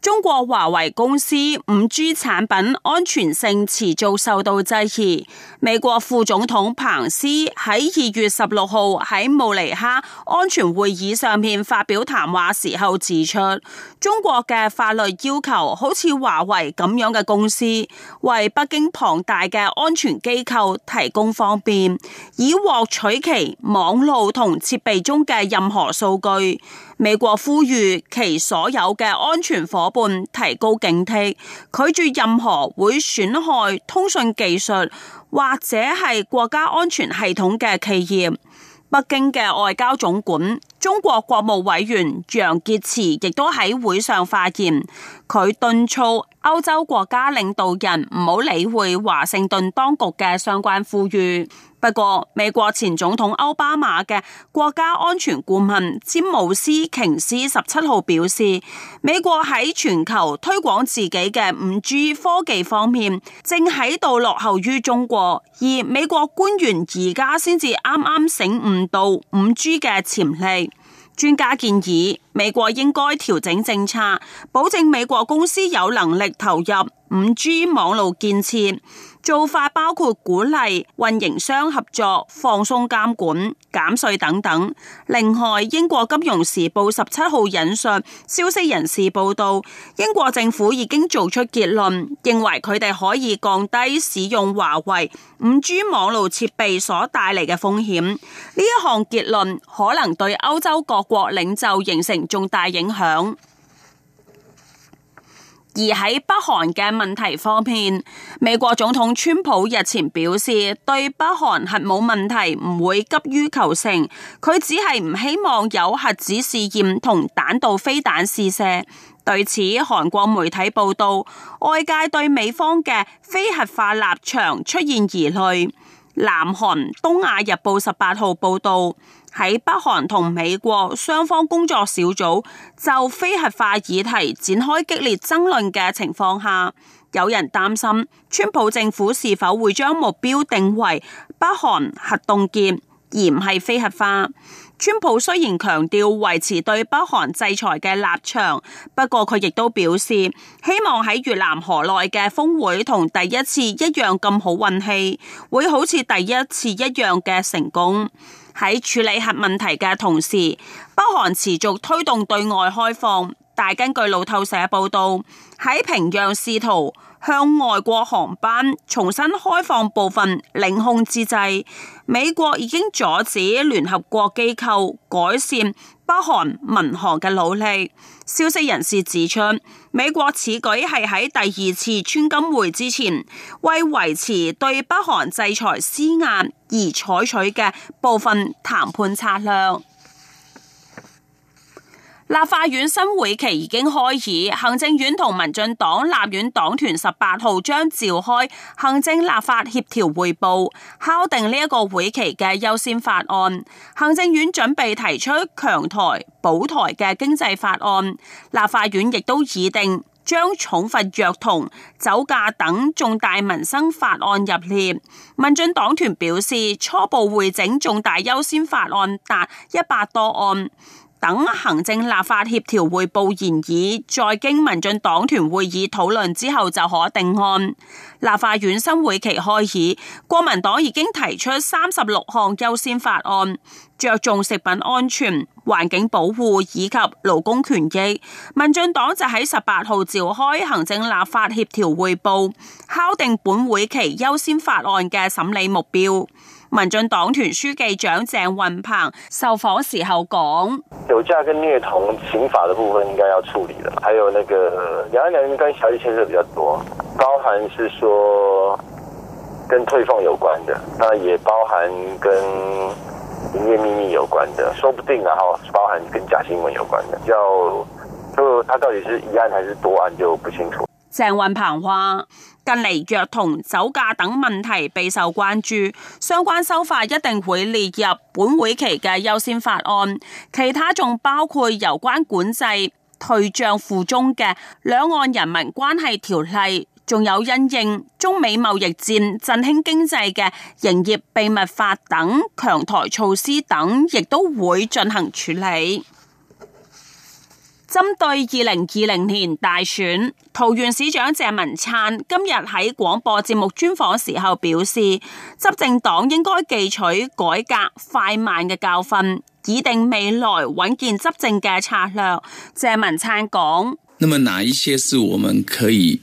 中國華為公司五 G 產品安全性持續受到質疑。美國副總統彭斯喺二月十六號喺慕尼黑安全會議上面發表談話時候指出，中國嘅法律要求好似華為咁樣嘅公司，為北京龐大嘅安全機構提供方便，以獲取其網路同設備中嘅任何數據。美國呼籲其所有嘅安全夥伴。提高警惕，拒絕任何會損害通訊技術或者係國家安全系統嘅企業。北京嘅外交總管、中國國務委員楊潔篪亦都喺會上發言，佢敦促歐洲國家領導人唔好理會華盛頓當局嘅相關呼籲。不過，美國前總統奧巴馬嘅國家安全顧問詹姆斯瓊斯十七號表示，美國喺全球推廣自己嘅五 G 科技方面，正喺度落後於中國，而美國官員而家先至啱啱醒悟到五 G 嘅潛力。專家建議。美國應該調整政策，保證美國公司有能力投入五 G 網絡建設。做法包括鼓勵運營商合作、放鬆監管、減稅等等。另外，英國金融時報十七號引述消息人士報道，英國政府已經做出結論，認為佢哋可以降低使用華為五 G 網絡設備所帶嚟嘅風險。呢一項結論可能對歐洲各國領袖形成。重大影響。而喺北韓嘅問題方面，美國總統川普日前表示，對北韓核武問題唔會急於求成，佢只係唔希望有核子試驗同彈道飛彈試射。對此，韓國媒體報道，外界對美方嘅非核化立場出現疑慮。南韓《東亞日報》十八號報道。喺北韓同美國雙方工作小組就非核化議題展開激烈爭論嘅情況下，有人擔心川普政府是否會將目標定為北韓核凍結，而唔係非核化。川普雖然強調維持對北韓制裁嘅立場，不過佢亦都表示希望喺越南河內嘅峰會同第一次一樣咁好運氣，會好似第一次一樣嘅成功。喺處理核問題嘅同時，北韓持續推動對外開放，但根據路透社報道，喺平壤試圖向外國航班重新開放部分領空之際，美國已經阻止聯合國機構改善北韓民航嘅努力。消息人士指出，美國此舉係喺第二次川金會之前，為維持對北韓制裁施壓而採取嘅部分談判策略。立法院新會期已經開議，行政院同民進黨立院黨團十八號將召開行政立法協調會報，敲定呢一個會期嘅優先法案。行政院準備提出強台保台嘅經濟法案，立法院亦都擬定將重罰虐童、酒駕等重大民生法案入列。民進黨團表示，初步會整重大優先法案達一百多案。等行政立法協調會報言以，再經民進黨團會議討論之後就可定案。立法院新會期開議，國民黨已經提出三十六項優先法案，着重食品安全、環境保護以及勞工權益。民進黨就喺十八號召開行政立法協調會報，敲定本會期優先法案嘅審理目標。民進黨團書記長鄭雲鵬受訪時候講：酒駕跟虐童刑法的部分應該要處理了，還有那個兩岸兩案跟小息牽涉比較多，包含是說跟退俸有關的，但也包含跟營業秘密有關的，說不定啊，哈，包含跟假新聞有關的，叫，就他到底是一案還是多案就不清楚。鄭運鵬話，近嚟藥同酒駕等問題備受關注，相關修法一定會列入本會期嘅優先法案。其他仲包括有關管制、退將赴中嘅兩岸人民關係條例，仲有因應中美貿易戰振興經濟嘅營業秘密法等強台措施等，亦都會進行處理。針對二零二零年大選，桃園市長鄭文燦今日喺廣播節目專訪時候表示，執政黨應該記取改革快慢嘅教訓，擬定未來穩健執政嘅策略。鄭文燦講：那麼哪一些是我們可以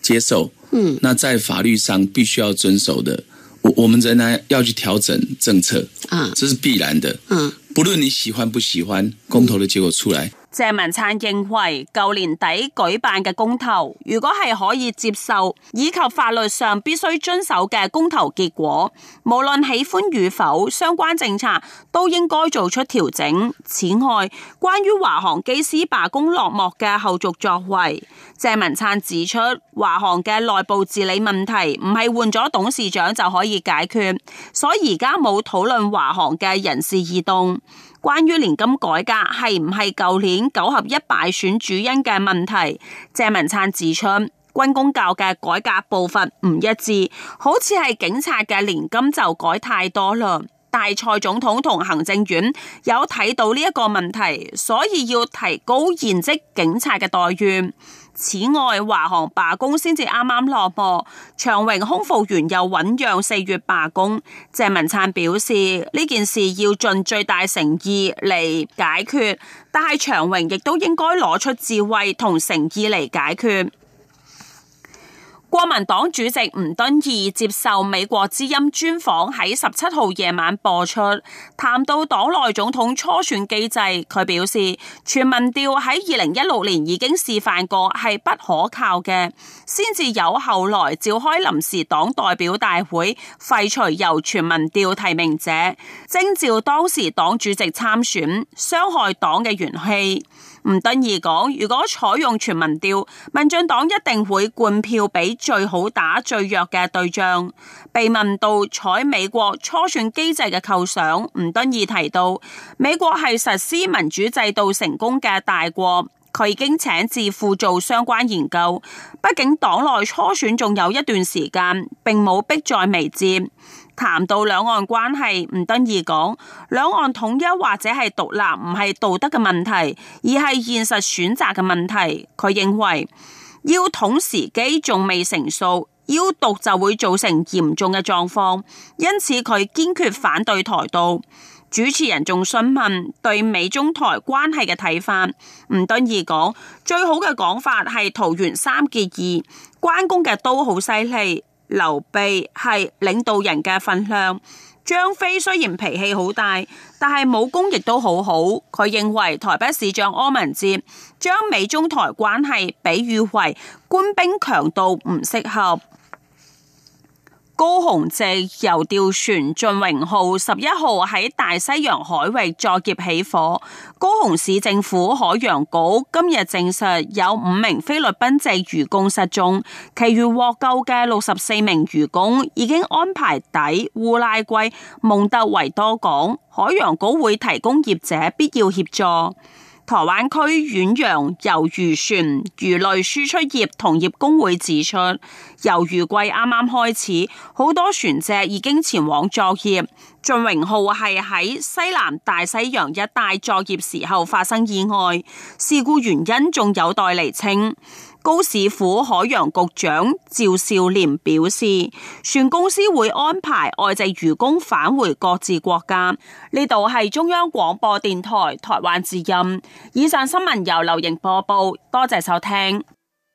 接受？嗯，那在法律上必須要遵守的，我我們仍然要去調整政策。啊，這是必然的。嗯，無論你喜歡不喜歡，公投嘅結果出來。鄭文燦認為，舊年底舉辦嘅公投，如果係可以接受以及法律上必須遵守嘅公投結果，無論喜歡與否，相關政策都應該做出調整。此外，關於華航機師罷工落幕嘅後續作為，鄭文燦指出，華航嘅內部治理問題唔係換咗董事長就可以解決，所以而家冇討論華航嘅人事異動。關於年金改革係唔係舊年九合一敗選主因嘅問題，鄭文燦指出，軍公教嘅改革部分唔一致，好似係警察嘅年金就改太多啦。大蔡總統同行政院有睇到呢一個問題，所以要提高現職警察嘅待遇。此外，華航罷工先至啱啱落幕，長榮空服員又醞釀四月罷工。鄭文燦表示呢件事要盡最大誠意嚟解決，但係長榮亦都應該攞出智慧同誠意嚟解決。民主黨主席吳敦義接受美國之音專訪喺十七號夜晚播出。談到黨內總統初選機制，佢表示全民調喺二零一六年已經示範過係不可靠嘅，先至有後來召開臨時黨代表大會廢除由全民調提名者，徵召當時黨主席參選，傷害黨嘅元氣。吳敦義講，如果採用全民調，民進黨一定會灌票俾最好打最弱嘅對象。被問到採美國初選機制嘅構想，吳敦義提到美國係實施民主制度成功嘅大國，佢已經請智庫做相關研究。畢竟黨內初選仲有一段時間，並冇迫在眉睫。談到兩岸關係，吳敦義講，兩岸統一或者係獨立，唔係道德嘅問題，而係現實選擇嘅問題。佢認為要統時機仲未成熟，要獨就會造成嚴重嘅狀況，因此佢堅決反對台獨。主持人仲詢問對美中台關係嘅睇法，吳敦義講，最好嘅講法係桃園三結義，關公嘅刀好犀利。劉備係領導人嘅份量，張飛雖然脾氣好大，但係武功亦都好好。佢認為台北市長柯文哲將美中台關係比喻為官兵強盜唔適合。高雄籍魷釣船俊榮號十一號喺大西洋海域作業起火，高雄市政府海洋局今日證實有五名菲律賓籍漁工失蹤，其餘獲救嘅六十四名漁工已經安排抵烏拉圭蒙特維多港，海洋局會提供業者必要協助。台灣區遠洋魷魚船魚類輸出業同業公會指出，魷魚季啱啱開始，好多船隻已經前往作業。俊榮號係喺西南大西洋一帶作業時候發生意外，事故原因仲有待釐清。高市府海洋局，局長趙少廉表示，船公司會安排外籍漁工返回各自國家。呢度係中央廣播電台台灣之音，以上新聞由劉瑩播報，多謝收聽。